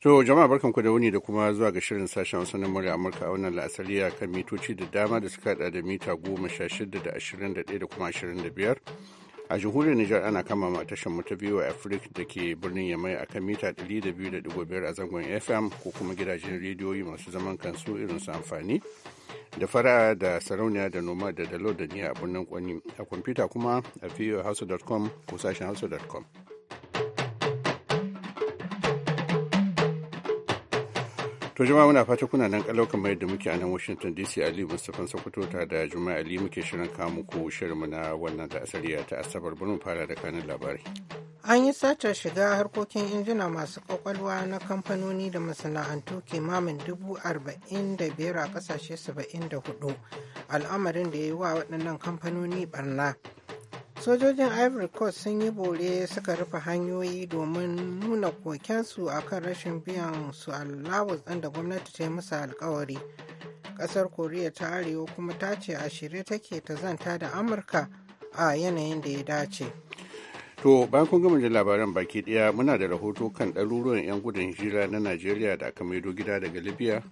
To jama'a barkanku da wuni da kuma zuwa ga shirin sashen sanin murya Amurka a wannan la'asariya kan mitoci da dama da suka hada da mita goma sha shida da ashirin da ɗaya da kuma ashirin da biyar. A jihuri Nijar ana kama ma tashar mu ta biyu a Afrik da ke birnin Yamai a kan mita ɗari da biyu da ɗigo biyar a zangon FM ko kuma gidajen rediyoyi masu zaman kansu irin su amfani da fara da sarauniya da noma da dalo da niya a birnin Kwani a kwamfuta kuma a hausa.com ko sashen hausa.com. To jama'a muna fata kuna nan kalau kamar yadda muke a nan Washington DC Ali Mustapha Sokoto ta da Juma'a Ali muke shirin kawo muku shirinmu na wannan da asariya ta Asabar bari fara da kanin labari. An yi satar shiga harkokin injina masu kwakwalwa na kamfanoni da masana'antu kimamin dubu arba'in da biyar a kasashe saba'in da hudu al'amarin da ya yi wa waɗannan kamfanoni barna. sojojin ivory coast sun yi bore suka rufe hanyoyi domin nuna kokensu akan rashin biyan su allowance ɗin da gwamnati ta yi musu alkawari ƙasar koriya ta arewa kuma ta ce a shirye take ta zanta da amurka a yanayin da ya dace to bayan kun gama da labaran baki ɗaya muna da rahoto kan ɗaruruwan 'yan gudun hijira na najeriya da aka maido gida daga libya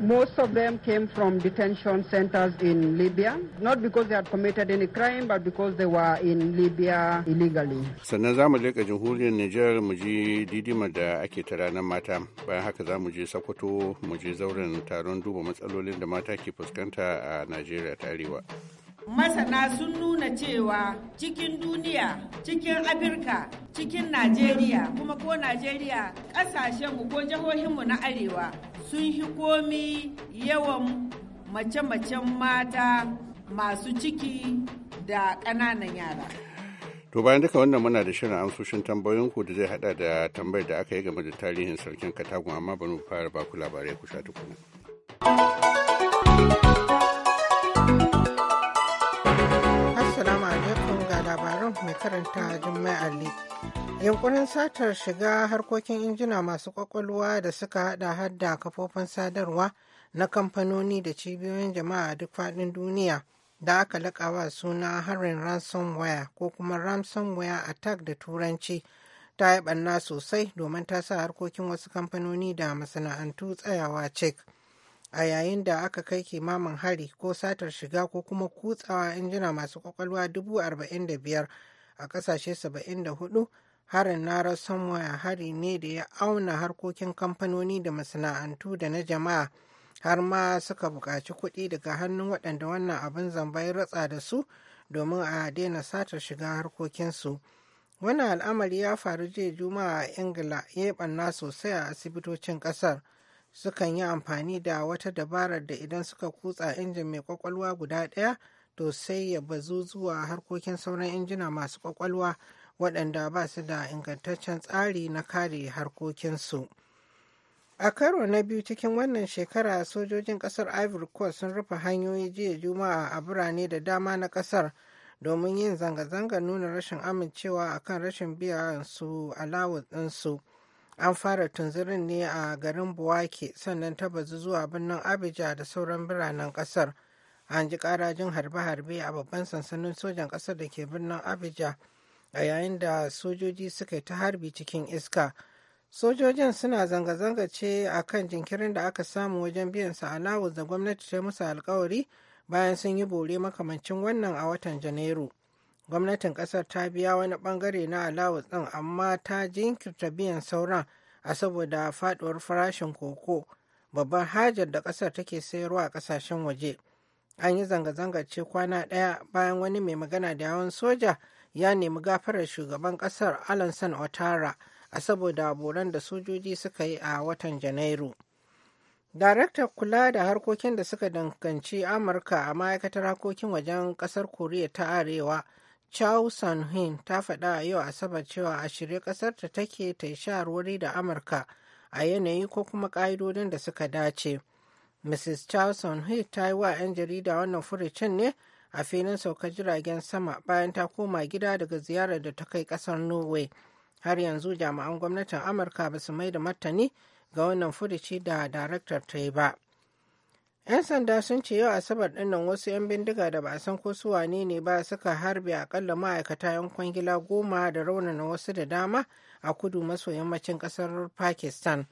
Most of them came from detention centers in Libya, not because they had committed any crime, but because they were in Libya illegally. Sannan za mu leƙa jamhuriyar Nijar mu ji didima da ake ta ranar mata. Bayan haka za mu je Sokoto mu je zauren taron duba matsalolin da mata ke fuskanta a Najeriya ta Arewa. masana sun nuna cewa cikin duniya cikin afirka cikin najeriya kuma ko najeriya ƙasashenmu ko jihohin mu na arewa sun hi komi yawan mace-macen mata masu ciki da ƙananan yara to bayan duka wannan muna da shirin amsoshin tambayoyinku da zai hada da tambayar da aka yi game da tarihin sarkin katagun amma bari mu fara baku labarai ku sha tukuna. karanta Jummai Ali. Yankunan satar shiga harkokin injina masu kwakwalwa da suka hada hada kafofin sadarwa na kamfanoni da cibiyoyin jama'a duk faɗin duniya da aka lakawa suna harin ransomware ko kuma ransomware attack da turanci ta yi ɓanna sosai domin ta sa harkokin wasu kamfanoni da masana'antu tsayawa cek. a yayin da aka kai kimamin hari ko satar shiga ko kuma kutsawa injina masu kwakwalwa dubu arba'in da biyar a ƙasashe 74 harin na waya hari ne da ya auna harkokin kamfanoni da masana'antu da na jama'a har ma suka buƙaci kuɗi daga hannun waɗanda wannan abin zamba ya ratsa da su domin a daina satar shiga harkokinsu. Wannan al'amari ya faru jiya Juma'a a Ingila ya yi ɓanna sosai a asibitocin ƙasar. Sukan yi amfani da wata dabarar da idan suka kutsa injin mai ƙwaƙwalwa guda ɗaya to sai ya bazu zuwa harkokin sauran injina masu kwakwalwa waɗanda ba su da ingantaccen tsari na kare harkokinsu. A karo na biyu cikin wannan shekara sojojin ƙasar Ivory Coast sun rufe hanyoyi jiya Juma'a a birane da dama na ƙasar domin yin zanga zanga nuna rashin amincewa a kan rashin biyan su alawus ɗinsu. An fara tunzirin ne a garin Buwake sannan ta bazu zuwa birnin Abuja da sauran biranen ƙasar. an ji karajin harbe-harbe a babban sansanin sojan ƙasar da ke birnin abuja a yayin da sojoji suka yi ta harbi cikin iska sojojin suna zanga-zanga ce a kan jinkirin da aka samu wajen biyan su alawus da gwamnati ta musu alkawari bayan sun yi bore makamancin wannan a watan janairu gwamnatin kasar ta biya wani bangare na alawus din amma ta jinkirta biyan sauran a saboda faduwar farashin koko babbar hajar da kasar take sayarwa a kasashen waje an yi zanga-zanga ce kwana ɗaya bayan wani mai magana da yawan soja ya nemi gafarar shugaban ƙasar alansan otara a saboda boran da sojoji suka yi a watan janairu daraktar kula da harkokin da suka danganci amurka a ma'aikatar harkokin wajen ƙasar koriya ta arewa chow hin ta faɗa a yau asabar cewa a shirye ƙasar ta take ta yi da amurka a yanayi ko kuma ƙa'idodin da suka dace. mrs charleston Onhui ta yi wa 'yan jarida wannan furucin ne a filin saukar jiragen sama bayan ta koma gida daga ziyarar da ta kai kasar norway har yanzu jami'an gwamnatin amurka ba su mai da martani ga wannan furuci da daraktar ta yi ba 'yan sanda sun ce yau asabar dinnan wasu 'yan bindiga da ba a san ko su wane ne ba suka harbe akalla ma'aikata 'yan kwangila goma da raunana wasu da dama a kudu maso yammacin kasar pakistan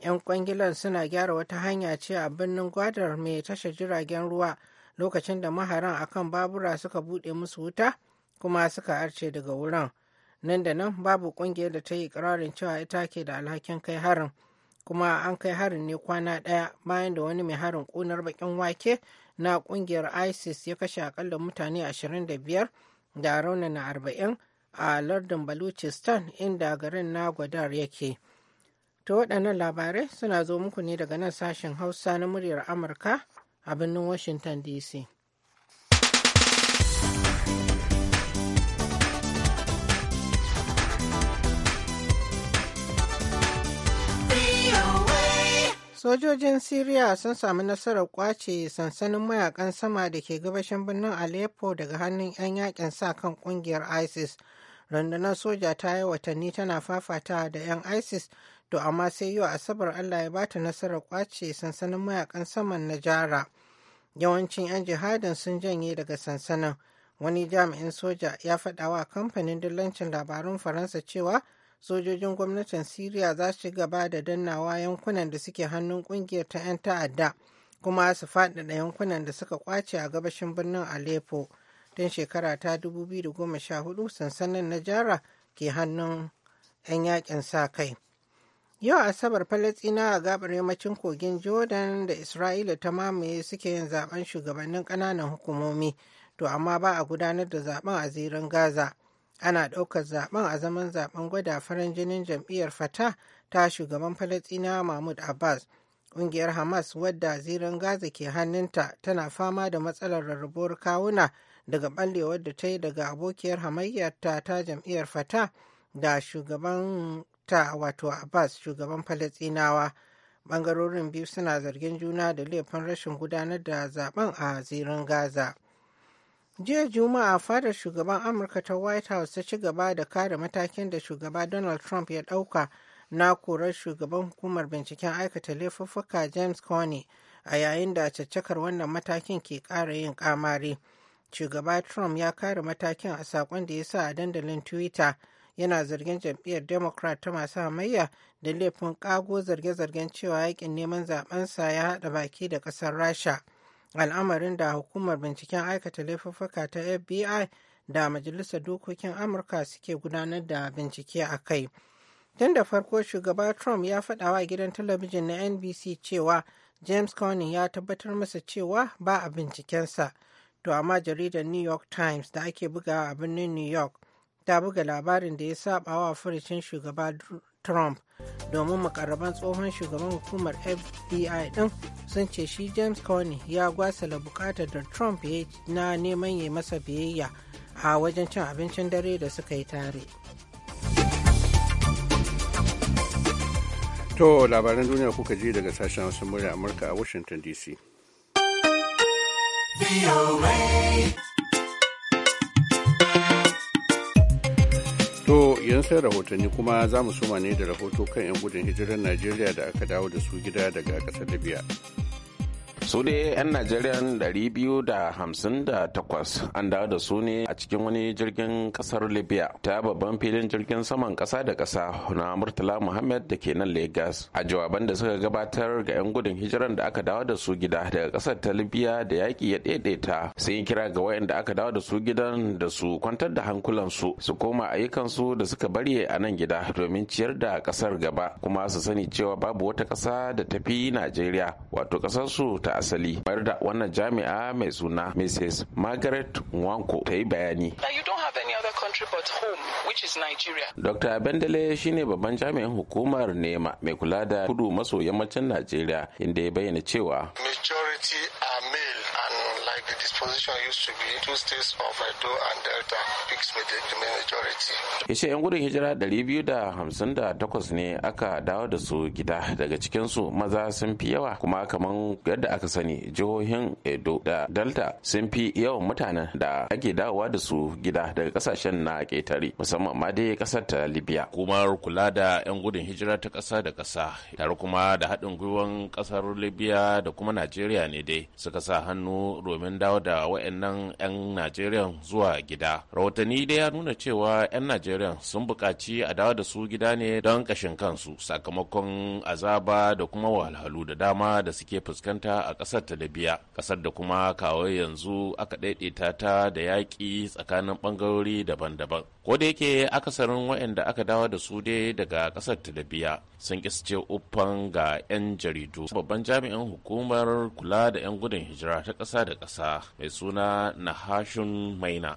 'yan kwangilar suna gyara wata hanya ce a birnin gwadar mai tashar jiragen ruwa lokacin da maharan akan babura suka buɗe musu wuta kuma suka arce daga wurin nan da nan babu ƙungiyar da ta yi ƙirarin cewa ita ke da alhakin kai harin kuma an kai harin ne kwana ɗaya bayan da wani mai harin ƙunar baƙin wake na ƙungiyar isis ya kashe akalla mutane 25 da raunana 40 a lardin baluchistan inda garin na gwadar yake. To waɗannan labarai suna zo muku ne daga nan sashen Hausa na muryar Amurka a birnin Washington DC. Sojojin Siriya sun samu nasarar kwace sansanin mayakan sama da ke gabashin birnin Aleppo daga hannun 'yan yakin sa kan kungiyar ISIS. Rundunar soja ta yi watanni tana fafata da 'yan ISIS to amma sai yau asabar allah ya bata nasarar kwace sansanin mayakan saman na jara yawancin 'yan jihadin sun janye daga sansanin wani jami'in soja ya faɗa wa kamfanin dillancin labarun faransa cewa sojojin gwamnatin siriya za su gaba da dannawa yankunan da suke hannun kungiyar ta 'yan ta'adda kuma su faɗaɗa yankunan da suka kwace a gabashin birnin aleppo tun shekara ta 2014 sansanin na jara ke hannun 'yan yakin sa kai Yau Asabar Falasina a gabar yammacin kogin Jordan da Isra'ila ta mamaye suke yin zaben shugabannin ƙananan hukumomi, to amma ba a gudanar da zaben a zirin Gaza. Ana ɗaukar zaben a zaman zaben gwada farin jinin jam'iyyar Fata ta shugaban Falasina Mahmud Abbas. Ƙungiyar Hamas wadda zirin Gaza ke hannunta tana fama da matsalar rarrabuwar kawuna daga ɓallewar da ta yi daga abokiyar hamayyarta ta jam'iyyar Fata da shugaban ta wato abbas shugaban falasinawa bangarorin biyu suna zargin juna da laifin rashin gudanar da zaben a zirin gaza jiya juma'a fadar shugaban amurka ta white house ta ci gaba da kare matakin da shugaba donald trump ya ɗauka na korar shugaban hukumar binciken aikata laifuffuka james coney a yayin da caccakar wannan matakin ke ƙara yin kamari shugaba trump ya kare matakin a saƙon da ya sa a dandalin twitter yana zargin jam'iyyar democrat ta masu hamayya da laifin kago zarge-zargen cewa yakin neman sa ya haɗa baki da ƙasar rasha al'amarin da hukumar binciken aikata laifuffuka ta fbi da majalisar dokokin amurka suke gudanar da bincike a kai tun da farko shugaba trump ya faɗa wa gidan talabijin na nbc cewa james corning ya tabbatar masa cewa ba a bincikensa to amma jaridar new york times da ake bugawa a birnin new york ta buga labarin da ya saba wa furucin shugaba trump domin makarraban tsohon shugaban hukumar fbi din sun ce shi james coney ya gwasala bukatar da trump ya na neman yi masa biyayya a wajen cin abincin dare da suka yi tare to labaran duniya kuka ji daga sashen wasu murya amurka a washington dc yan sai rahotanni kuma za mu suma ne da rahoto kan 'yan gudun hijirar najeriya da aka dawo da su gida daga ƙasar libya su dai 'yan da 258 an dawo da su ne a cikin wani jirgin kasar libya ta babban filin jirgin saman kasa da kasa na murtala muhammad da ke nan Legas. a jawaban da suka gabatar ga 'yan gudun hijiran da aka dawo da su gida daga kasar ta libya da yaƙi ya daidaita sun yi kira ga wayanda aka dawo da su gidan da su kwantar da hankulansu su koma ayyukansu da suka bari a nan gida domin ciyar da kasar gaba kuma su sani cewa babu wata kasa da tafi najeriya wato ƙasarsu ta asali bayar da wannan jami'a mai suna mrs margaret nwanko ta yi bayani dr bendele shine babban jami'in hukumar nema mai kula da kudu maso yammacin najeriya inda ya bayyana cewa majority are like the disposition used to be two states of Edo and Delta picks with the majority. Ya ce 'yan gudun hijira 258 ne aka dawo da su gida daga cikinsu maza sun fi yawa kuma kamar yadda aka sani jihohin Edo da Delta sun fi yawan mutanen da ake dawowa da su gida daga kasashen na ƙetare musamman ma dai kasar ta Libya. Kumar kula da 'yan gudun hijira ta kasa da kasa tare kuma da haɗin gwiwan ƙasar Libya da kuma Najeriya ne dai suka sa hannu domin domin dawo da wa'annan 'yan najeriya zuwa gida rahotanni dai ya nuna cewa 'yan najeriya sun buƙaci a dawo da su gida ne don ƙashin kansu sakamakon azaba da kuma wahalhalu da dama da suke fuskanta a ƙasar ta libya ƙasar da kuma kawo yanzu aka ɗaiɗaita ta da yaƙi tsakanin ɓangarori daban-daban ko da yake akasarin waɗanda aka dawo da su dai daga ƙasar ta libya sun ƙi ce uffan ga 'yan jaridu babban jami'in hukumar kula da 'yan gudun hijira ta ƙasa da ƙasa ƙasa mai suna Nahashun Maina.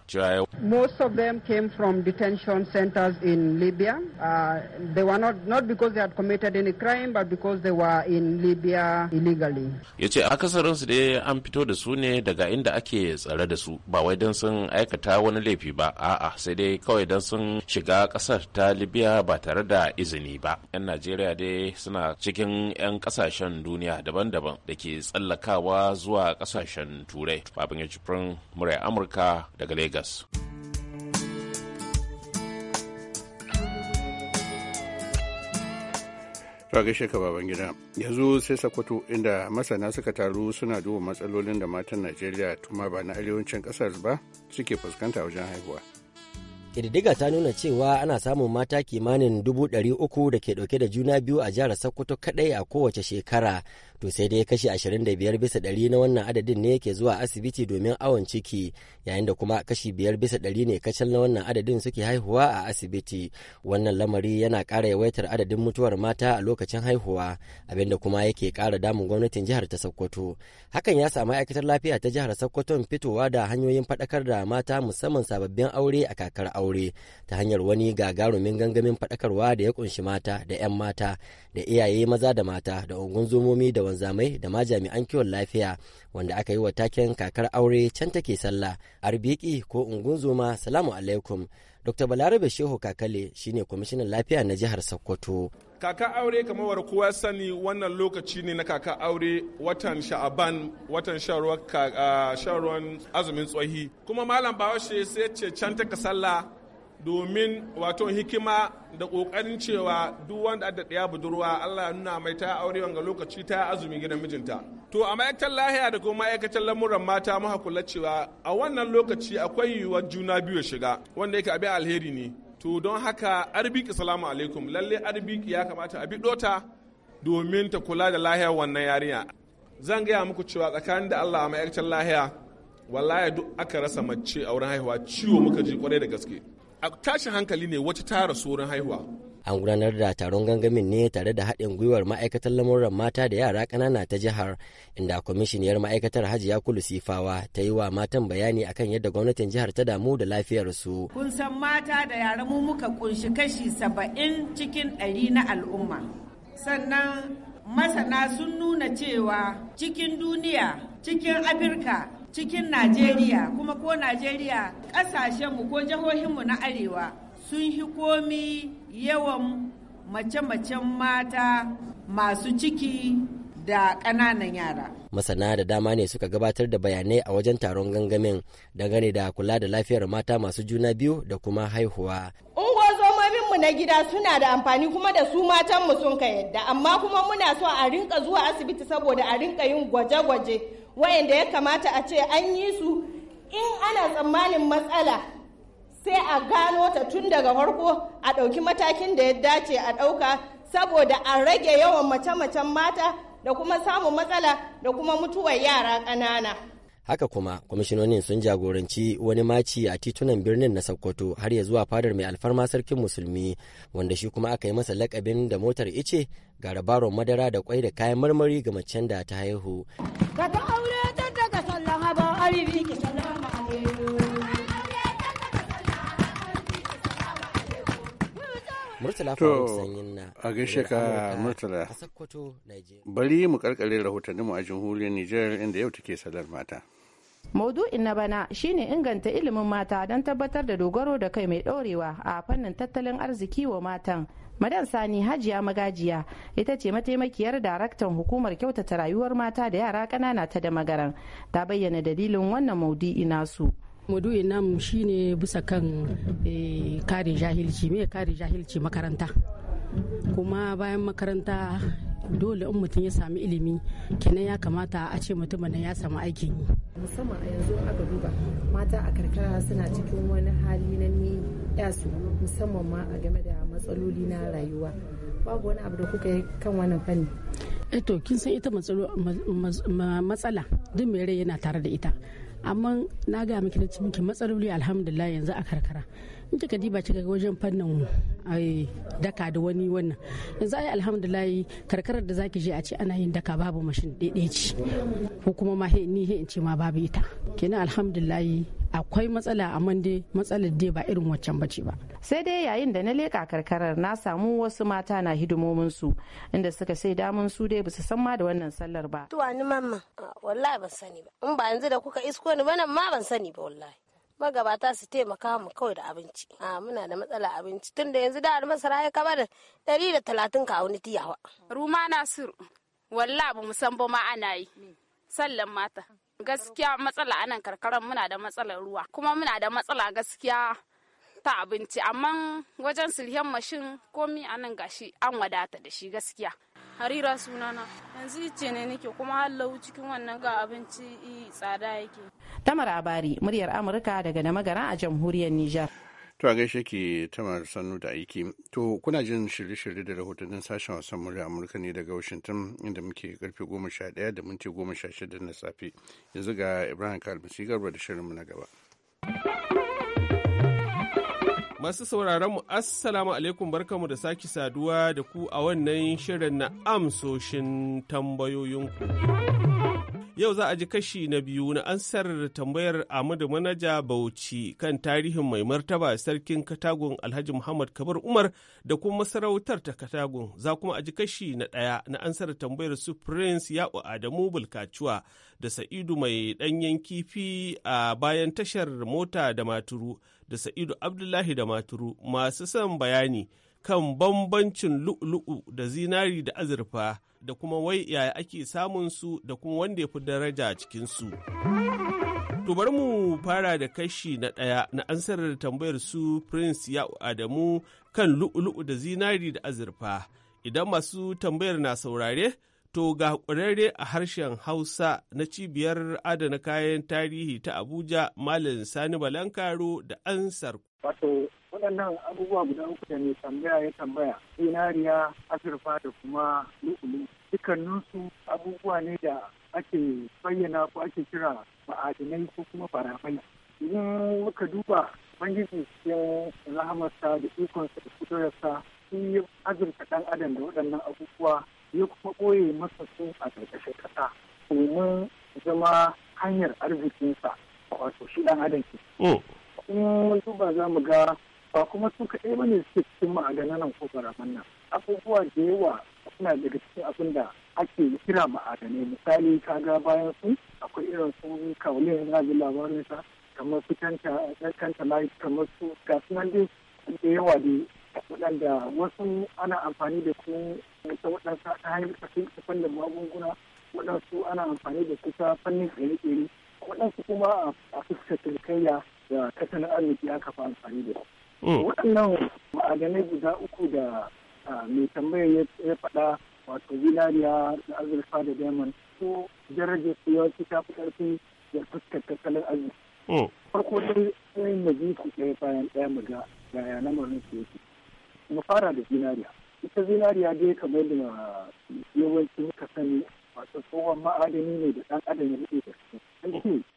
Most of them came from detention centers in Libya. Uh, they were not, not because they had committed any crime but because they were in Libya illegally. Ya ce akasarinsu dai an fito da su ne daga inda ake tsare da su ba wai don sun aikata wani laifi ba a'a sai dai kawai don sun shiga ƙasar ta Libya ba tare da izini ba. 'Yan Najeriya dai suna cikin 'yan ƙasashen duniya daban-daban da ke tsallakawa zuwa ƙasashen Turai. turai babin ya cikin murai amurka daga legas. to gaishe baban gida yanzu sai sokoto inda masana suka taru suna duba matsalolin da matan najeriya tuma ba na arewacin kasar ba suke fuskanta wajen haihuwa Ƙididdiga ta nuna cewa ana samun mata kimanin dubu ɗari uku da ke ɗauke da juna biyu a jihar Sokoto kaɗai a kowace shekara, to sai dai kashi 25 bisa ɗari na wannan adadin ne ke zuwa asibiti domin awon ciki yayin da kuma kashi 5 bisa ɗari ne kacal na wannan adadin suke haihuwa a asibiti wannan lamari yana ƙara yawaitar adadin mutuwar mata a lokacin haihuwa abinda kuma yake ƙara damun gwamnatin jihar ta sokoto hakan ya samu aikatar lafiya ta jihar sokoton fitowa da hanyoyin faɗakar da mata musamman sababbin aure a kakar aure ta hanyar wani gagarumin gangamin faɗakarwa da ya kunshi mata da 'yan mata da iyaye maza da mata da ungunzomomi da wanzamai da ma jami'an kiwon lafiya wanda aka yi wa taken kakar aure can take sallah arbiki ko ungunzuma salamu alaikum dr balarabe shehu kakale shine kwamishinan lafiya na jihar sokoto kaka aure kamar war kowa sani wannan lokaci ne na kaka aure watan sha'aban watan sharuwan ah, azumin tsohi kuma malam bawashe sai ce can take sallah domin wato hikima da ƙoƙarin cewa duk wanda da ɗaya budurwa Allah ya nuna mai ta aure wanga lokaci ta azumi gidan mijinta. To a ma'aikatar lahiya da kuma ma'aikatar lamuran mata muka kula cewa a wannan lokaci akwai yiwuwar juna biyu ya shiga wanda yake abin alheri ne. To don haka arbiki salamu alaikum lalle arbiki ya kamata a bi dota domin ta kula da lahiyar wannan yarinya. Zan gaya muku cewa tsakanin da Allah a ma'aikatar lahiya wallahi duk aka rasa mace a wurin haihuwa ciwo muka ji kwarai da gaske. a tashin hankali ne wacce tara rasu haihuwa an gudanar da taron gangamin ne tare da haɗin gwiwar ma'aikatar lamuran mata da yara ƙanana ta jihar inda kwamishiniyar ma'aikatar hajiya kulu sifawa ta yi wa matan bayani akan yadda gwamnatin jihar ta damu da lafiyarsu kun san mata da yara mu muka kunshi kashi saba'in cikin ɗari na al'umma sannan masana sun nuna cewa cikin duniya cikin afirka cikin najeriya kuma ko najeriya mu ko jihohinmu na arewa sun hi komi yawan mace-macen mata masu ciki da ƙananan yara. Masana da dama ne suka gabatar da bayanai a wajen taron gangamin dangane da kula da lafiyar mata masu juna biyu da kuma haihuwa. mu na gida suna da amfani kuma da su matanmu sun ka yadda amma kuma muna so a rinka zuwa asibiti saboda a rinka yin gwaje-gwaje wayanda ya kamata a ce an yi su in ana tsammanin matsala sai a gano ta tun daga farko a ɗauki matakin da ya dace a ɗauka saboda a rage yawan mace-macen mata da kuma samun matsala da kuma mutuwar yara ƙanana. Haka kuma kwamishinonin sun jagoranci wani maci a titunan birnin na Sokoto har ya zuwa fadar mai alfarma sarkin musulmi wanda shi kuma aka yi masa lakabin da motar ice ga rabaron madara da kwai da kayan marmari ga macen da ta haihu. Ka Murtala A gaishe ka Murtala. Bari mu karkare rahotanni mu a jamhuriyar Nijar inda yau take salar mata. maudu na bana shine inganta ilimin mata don tabbatar da dogaro da kai mai ɗorewa a fannin tattalin arziki wa matan. Madan Sani Hajiya Magajiya ita ce mataimakiyar daraktan hukumar kyautata rayuwar mata da yara ƙanana ta da magaran ta bayyana dalilin wannan maudu'i nasu. su. maudu'in namu shine bisa kan eh, kare jahilci me kare jahilci makaranta kuma bayan makaranta dole in mutum ya sami ilimi kenan ya kamata a ce mutumin ya samu aikin yi musamman a yanzu aka duba mata a karkara suna cikin wani hali na ni su musamman ma a game da matsaloli na rayuwa babu wani abu da kuka yi kan wannan fanni eto eh kin san ita matsala duk mai rai yana tare da ita amma na ga miki na miki matsaloli alhamdulillah yanzu a karkara in kika diba kika ga wajen fannin daka da wani wannan yanzu ai alhamdulillah karkarar da zaki je a ce ana yin daka babu mashin daidai ce ko kuma ma ni he in ce ma babu ita kenan alhamdulillah akwai matsala a dai matsalar dai ba irin waccan ce ba sai dai yayin da na leka karkarar na samu wasu mata na hidimomin su inda suka sai damun su dai basu san ma da wannan sallar ba tuwa ni mamma wallahi ban sani ba in ba yanzu da kuka isko ni ba nan ma ban sani ba wallahi magabata su taimaka mu kawai da abinci a muna da matsala abinci tunda yanzu da almasara ya kaba da ɗari da talatin ka wani tiyawa ruma nasiru walla ba mu san ba ma ana yi sallan mata gaskiya matsala anan karkaran muna da matsalar ruwa kuma muna da matsala gaskiya ta abinci amma wajen silhen mashin komi anan gashi an wadata da shi gaskiya harira sunana yanzu ce ne nake kuma halau cikin wannan ga abinci tsada yake tamar abari muryar amurka daga da magara a jamhuriyar nijar To a gaishe ke tamar sannu da aiki. To kuna jin shirye-shirye da rahotannin sashen wasan murya Amurka ne daga Washington inda muke karfe goma sha ɗaya da minti goma sha shida na safe. Yanzu ga Ibrahim Kalmasi garba da shirinmu na gaba. Masu sauraron mu Assalamu alaikum barkamu da sake saduwa da ku a wannan shirin na amsoshin tambayoyinku. Yau za a ji kashi na biyu na ansar tambayar amadu Manaja Bauchi kan tarihin mai martaba sarkin Katagun Alhaji Muhammad kabar Umar da kuma masarautar ta Katagun. Za kuma a ji kashi na ɗaya na ansar tambayar su Prince Ya'u Adamu Bulkacuwa da Sa'idu mai ɗanyen kifi a bayan tashar mota da maturu da Sa'idu Abdullahi da maturu masu son bayani. kan bambancin lu'ulu'u da zinari da azurfa da kuma wai yaya ake samun su da kuma wanda ya fi daraja a cikinsu. To bari mu fara da kashi na ɗaya na ansarar tambayar su Prince ya Adamu kan lu'ulu'u da zinari da azurfa. Idan masu tambayar na saurare, to ga ƙwararre a harshen Hausa na cibiyar adana kayan tarihi ta Abuja Malam Sani Balankaro da ansar. Wato waɗannan abubuwa guda uku da mai tambaya ya tambaya zinariya azurfa da kuma lukulu dukkaninsu abubuwa ne da ake bayyana ko ake kira ma'adinai ko kuma farafai idan muka duba bangiji cikin rahamarsa da ikonsa da kudurarsa shi yi azurta ɗan adam da waɗannan abubuwa ya kuma ɓoye masa su a ƙarƙashin ƙasa domin zama hanyar arzikinsa wato shi ɗan adam ke. Oh. in mun duba za mu ga ba kuma su kaɗai ba ne suke cikin ma'adanan nan ko garaman nan abubuwa da yawa suna daga cikin abin da ake kira ma'adanai misali kaga bayan su akwai irin su kawulin yana da labarin sa kamar su kanta kamar su gasu nan dai da yawa da waɗanda wasu ana amfani da su ta waɗansa ta hanyar ta fannin magunguna waɗansu ana amfani da kusa ta fannin tsere-tsere waɗansu kuma a fuskantar kaiya da tattalin arziki aka fi amfani da su Mm. waɗannan ma'adanai guda uku da mai tambayar ya faɗa wato zinariya da azurfa da diamond ko darajar su yawanci ta fi ƙarfi da fuskar tattalin azurfa. Mm. farko dai sai mu ji ku ɗaya bayan ɗaya mu ga yaya lamarin su yake mu fara da zinariya ita zinariya dai kamar da yawanci muka sani wato tsohon ma'adani ne da ɗan adam ya rike da su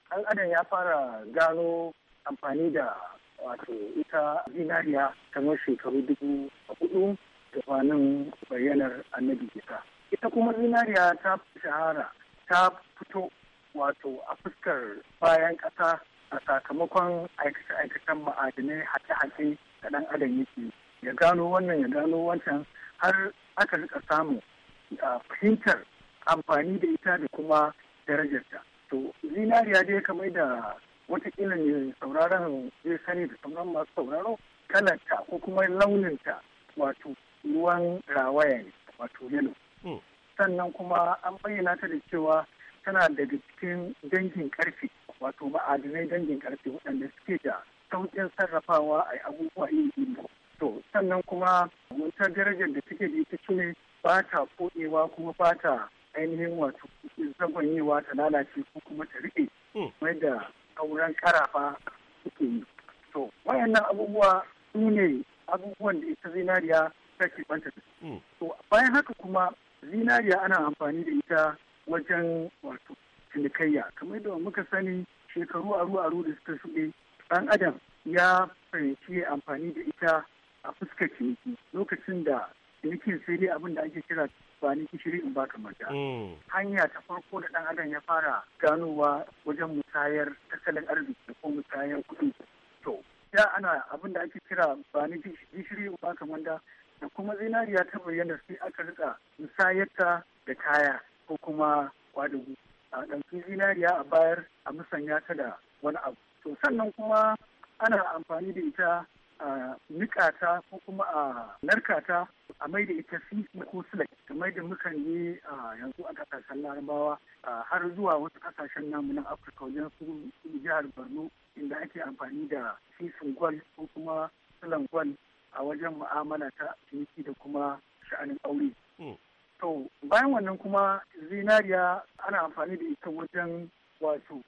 ɗan adam ya fara gano amfani da wato ita zinariya kamar shekaru dubu hudu gabanin bayyanar annabi isa ita kuma zinariya ta shahara ta fito wato a fuskar bayan ƙasa a sakamakon aikace-aikacen ma'adinai haƙe-haƙe da ɗan adam yake ya gano wannan ya gano wancan har aka rika a fahimtar amfani da ita da kuma darajarta to zinariya dai kamar da watakila ne sauraron zai sani da sauran masu sauraro kalarta ko kuma launinta wato ruwan rawaya ne wato yalo hmm. sannan kuma an bayyana ta da cewa tana daga cikin dangin karfe wato ma'adinai dangin karfe waɗanda suke da sauƙin sarrafawa a abubuwa iri iri to sannan kuma wata darajar da take da ita ne ba ta koɗewa kuma ba ta ainihin wato zagonyewa ta lalace ko kuma ta riƙe hmm. mai da auren karafa suke yi to wayannan abubuwa su ne abubuwan da ita zinariya ta ke banta da hmm. to bayan haka kuma zinariya ana amfani da ita wajen wato cinikayya kamar da muka sani shekaru aru aru da suka shuɗe ɗan adam ya fahimci amfani da ita a fuskar ciniki lokacin da cinikin sai dai abin da ake kira amfani in baka mm. Hanya ta farko da ɗan adam ya fara ganowa wajen musayar tattalin arziki ko musayar kuɗi. To, ya ana abin da ake kira amfani kishiri gishiri in baka manda da kuma zinariya ta bayyana sai aka rika musayarta da kaya ko kuma kwadugu. A ɗauki zinariya a bayar a musanya ta da wani abu. To sannan kuma ana amfani da ita a nikata ko kuma a narkata a mai da ita sisi ko silai kamar da mukan yi a yanzu a kasashen larabawa har zuwa wasu kasashen namu na afirka wajen su jihar borno inda ake amfani da sisin gwal ko kuma silan gwal a wajen mu'amala ta ciniki da kuma sha'anin aure hmm. to bayan wannan kuma zinariya ana amfani da ita wajen wato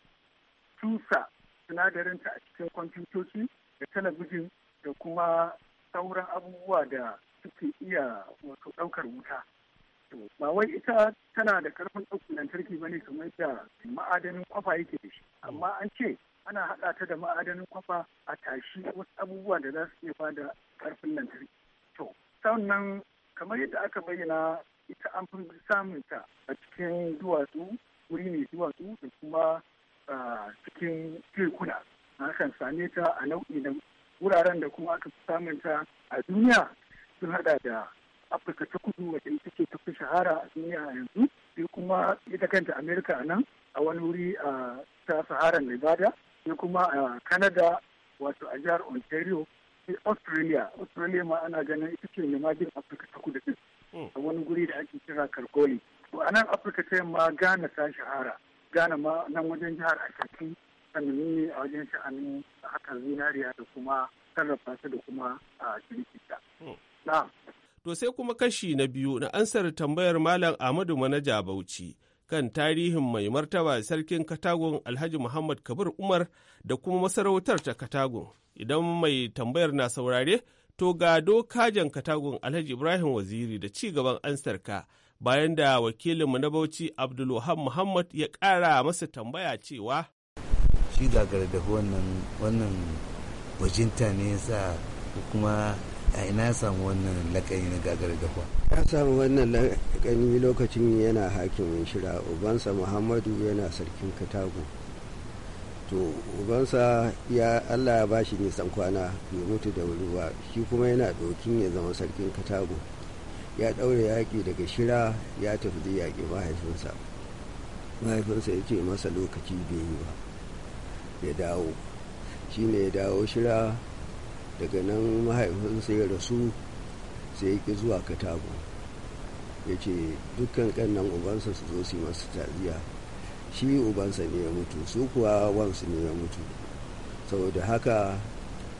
tusa sinadarinta a cikin kwamfutoci da talabijin da kuma sauran abubuwa da suke iya wato ɗaukar wuta ba wai ita tana da karfin ɗaukar lantarki ba ne kamar da ma'adanin kwafa yake da shi amma an ce ana haɗa ta da ma'adanin kwafa a tashi wasu abubuwa da za su iya bada karfin lantarki to sannan kamar yadda aka bayyana ita an fi samun ta a cikin duwatsu wuri mai duwatsu da kuma ah, cikin tekuna akan same ta a nau'i na wuraren da kuma aka samun ta a duniya sun hada da afirka ta kudu wadda ita ce ta fi shahara a duniya a yanzu sai kuma ita kanta amerika a nan a wani wuri a ta sahara nevada sai kuma a canada wato a jihar ontario sai australia australia ma ana ganin ita ce nemajin afirka ta kudu hmm. a wani guri da ake kira kargoli to a nan afirka ta yamma ghana ta shahara ghana ma nan wajen jihar ashanti sannan ne a wajen sha'anin hakan zinariya da kuma sarrafa su da kuma a kirkita. Hmm. To sai kuma kashi na biyu na ansar tambayar Malam Ahmadu Manaja Bauchi kan tarihin mai martaba sarkin Katagun Alhaji Muhammad Kabir Umar da kuma masarautar ta Katagun. Idan mai tambayar na saurare, to ga dokajen Katagun Alhaji Ibrahim Waziri da ci gaban ansarka bayan da wakilinmu na Bauchi Abdulwahab Muhammad ya kara masa tambaya cewa. shi gagara da wannan wajinta ne ya sa kuma a ina samu wannan lakani na gagara da ya samu wannan lakani lokacin yana hakimin shira ubansa muhammadu yana sarkin katago to ubansa ya allah ya ba shi nisan kwana ya mutu da wuri shi kuma yana dokin ya zama sarkin katago ya ɗaure yaƙi daga shira ya tafi yaƙi mahaifinsa mahaifinsa ya ce masa lokaci bai yi ba ya dawo shi ne ya dawo shira daga nan mahaifinsa ya rasu sai ya ki zuwa katago ya ce dukkan kannan ubansa su zo su masu taziya shi ubansa ne ya mutu su kuwa wansu ne ya mutu saboda haka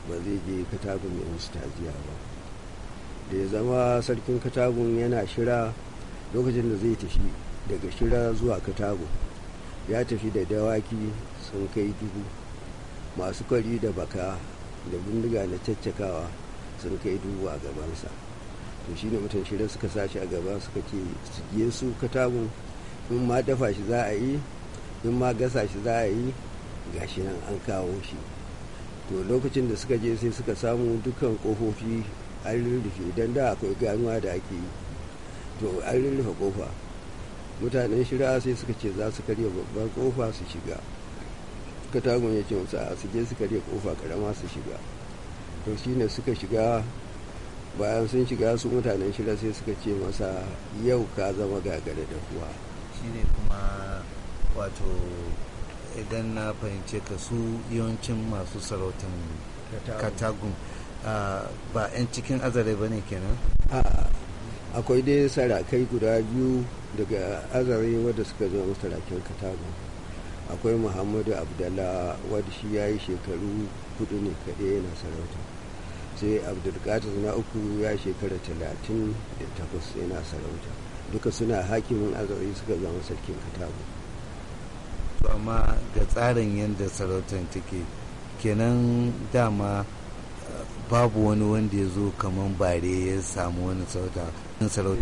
ba zai je katagun ya musu taziya ba da ya zama sarkin katagun yana shira lokacin da zai tafi daga shira zuwa katagun ya tafi da dawaki sun kai dubu masu kwari da baka da bindiga na caccakawa sun kai dubu a gabansa to shi ne mutum shirin suka sashi a gaba suka ce su je su katabun in ma dafa shi za a yi in ma gasa shi za a yi gashi nan an kawo shi to lokacin da suka je sai suka samu dukkan kofofi an rurrufe don da akwai ganuwa da ake yi to an rurrufe kofa mutanen shirya sai suka ce za su karya babbar kofa su shiga katagun ya ce musu a su je su karya kofa karama su shiga to shi ne suka shiga bayan sun shiga su mutanen shira sai suka ce masa yau ka zama gagare da kuwa shine kuma wato idan na fahimce ka su yawancin masu sarautan katagun ba 'yan cikin azare ba ne kenan akwai dai sarakai guda biyu daga azare wadda suka zama masarakin katagun akwai muhammadu abdallah wadda shi ya yi shekaru hudu ne kaɗai yana sarauta sai abdulkadir na uku ya shekara talatin da takwas yana sarauta duka suna hakimin azari suka zama sarkin katagun amma ga tsarin yadda sarautar take kenan dama babu wani wanda ya zo kamar bare ya samu wani sauta in sarauta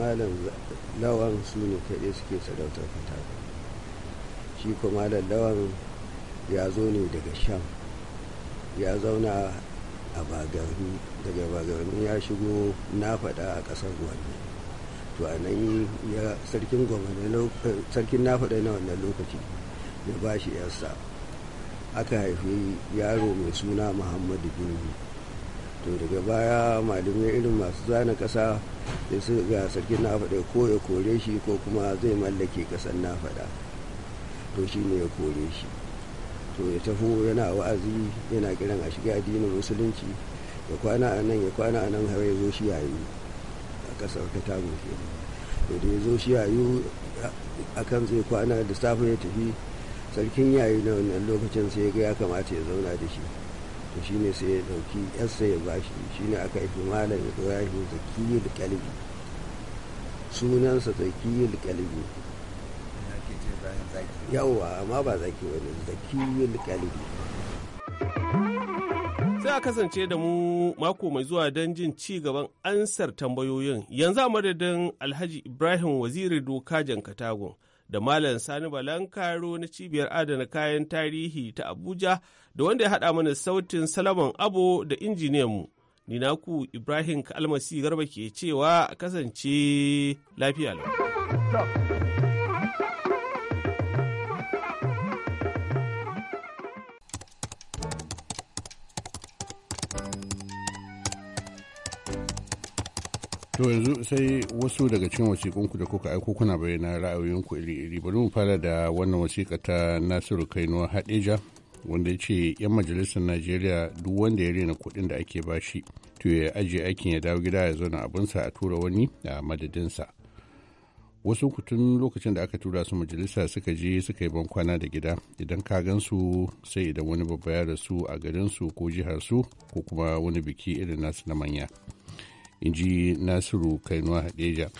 malam lawan su ne kaɗai suke sarautar fata shi kuma malam lawan ya zo ne daga sham ya zauna a bagarmi daga bagarmi ya shigo na faɗa a ƙasar gwanne to a nan ya sarkin gwamnati eh, sarkin na faɗa na wannan lokaci ya ba shi yarsa aka haifi yaro mai suna muhammadu dungu to daga baya malamai irin masu zana ƙasa da su ga sarkin na faɗa ko ya kore shi ko kuma zai mallake ƙasar na faɗa to shi ne ya kore shi to ya tafi yana wa'azi yana kiran a shiga addinin musulunci ya kwana a nan ya kwana a nan har ya zo shi yayu a ƙasar ta tamu ke. to da ya zo shi yayu akan zai kwana da safe ya tafi sarkin yayi na wannan lokacin sai ga ya kamata ya zauna da shi to shine sai ya dauki yarsa ya bashi shine aka haifi malam shi zakiyul kalbi sunansa zakiyul kalbi yawwa amma ba zaki wani zakiyul kalbi sai a kasance da mu mako mai zuwa don jin ci gaban ansar tambayoyin yanzu a madadin alhaji ibrahim waziri doka jankatagun da Malam Sani balan Balankaro na cibiyar adana kayan tarihi ta Abuja da wanda ya haɗa mana sautin Salaman Abo da injiniyanmu. nina ku Ibrahim Kalmasi Garba ke cewa kasance lafiya To yanzu sai wasu daga cikin wasiƙunku da kuka aiko kuna bayyana ra'ayoyinku iri-iri bari mu fara da wannan wasiƙa ta Nasiru Kainuwa Hadeja wanda ya ce 'yan majalisar Najeriya duk wanda ya rena kuɗin da ake bashi to ya ajiye aikin ya dawo gida ya zauna abinsa a tura wani a madadinsa. Wasu kutun lokacin da aka tura su majalisa suka je suka yi bankwana da gida idan ka gansu sai idan wani babba ya rasu a garinsu ko jiharsu ko kuma wani biki irin nasu na manya. in ji nasiru kainuwa hadeja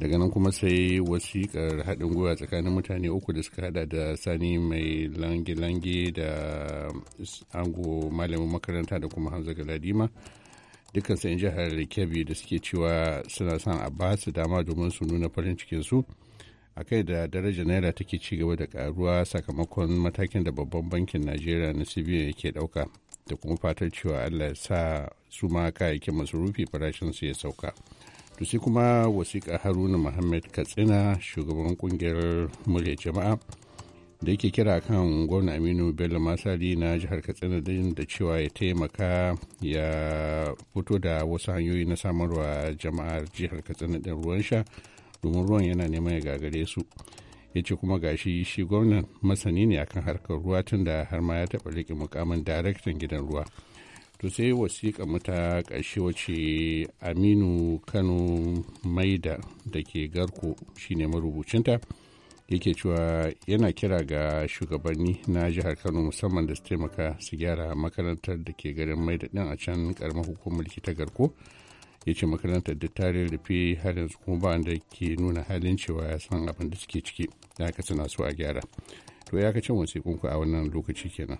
daga nan kuma sai wasikar haɗin gwiwa tsakanin mutane uku da suka hada da sani mai lange-lange da ango malamin makaranta da kuma hamza galadima dukkan sai jihar kebbi da suke cewa suna son a ba su dama domin su nuna farin cikinsu a kai da daraja naira take ci gaba da karuwa sakamakon matakin da babban bankin najeriya na cbn yake ɗauka da kuma fatar cewa allah ya sa su ma kayayyakin masarufi farashin su ya sauka to sai kuma wasiƙa haruna muhammad katsina shugaban kungiyar murya jama'a da yake kira kan gwamna aminu bello masali na jihar katsina din da cewa ya taimaka ya fito da wasu hanyoyi na samarwa jama'ar jihar katsina din ruwan sha domin ruwan yana neman ya gagare su ya ce kuma gashi shi gwamnan masani ne akan harkar ruwa tun da har ma ya taɓa riƙe mukamin daraktan gidan ruwa to sai wasiƙa muta ƙarshe wace aminu kano maida da ke garko shine marubucinta yake cewa yana kira ga shugabanni na jihar kano musamman da su taimaka su gyara makarantar da ke garin maida din a can karamar hukumar ta garko ya ce makarantar duk da rufe har yanzu kuma ba da ke nuna halin cewa ya san abin da suke ciki da aka suna so a gyara to ya kacin wasiƙunku a wannan lokaci kenan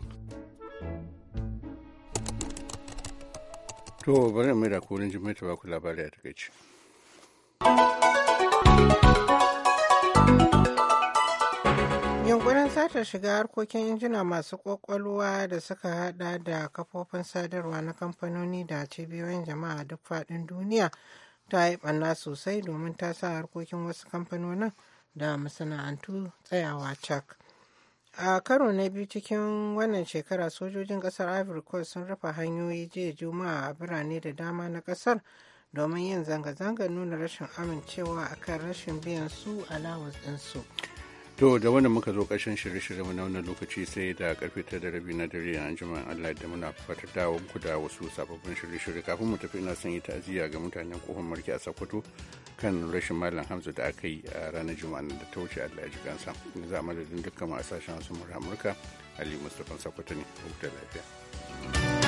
to bari mai da kurin jimaita ba ku labari a takaici ta shiga harkokin injina masu ƙwaƙwalwa da suka hada da kafofin sadarwa na kamfanoni da cibiyoyin jama'a duk faɗin duniya ta yi ɓanna sosai domin ta sa harkokin wasu kamfanonin da masana'antu tsayawa cak. a karo na biyu cikin wannan shekara sojojin kasar ivory coast sun rufe hanyoyi jiya juma'a a birane da dama na kasar domin yin zanga zanga nuna rashin amincewa akan rashin biyan su alawus ɗinsu. To da wannan muka zo ƙarshen shirye-shiryenmu na wannan lokaci sai da karfe ta da rabi na dare a jima Allah da muna fatar dawo da wasu sababbin shirye-shirye kafin mu tafi na son yi ta'aziyya ga mutanen kofar marki a Sokoto kan rashin malam Hamza da aka yi a ranar juma'a da ta wuce Allah ya ji gansa. Ni za madadin dukkan masu sashen su Amurka Ali Mustapha Sokoto ne. Huta lafiya.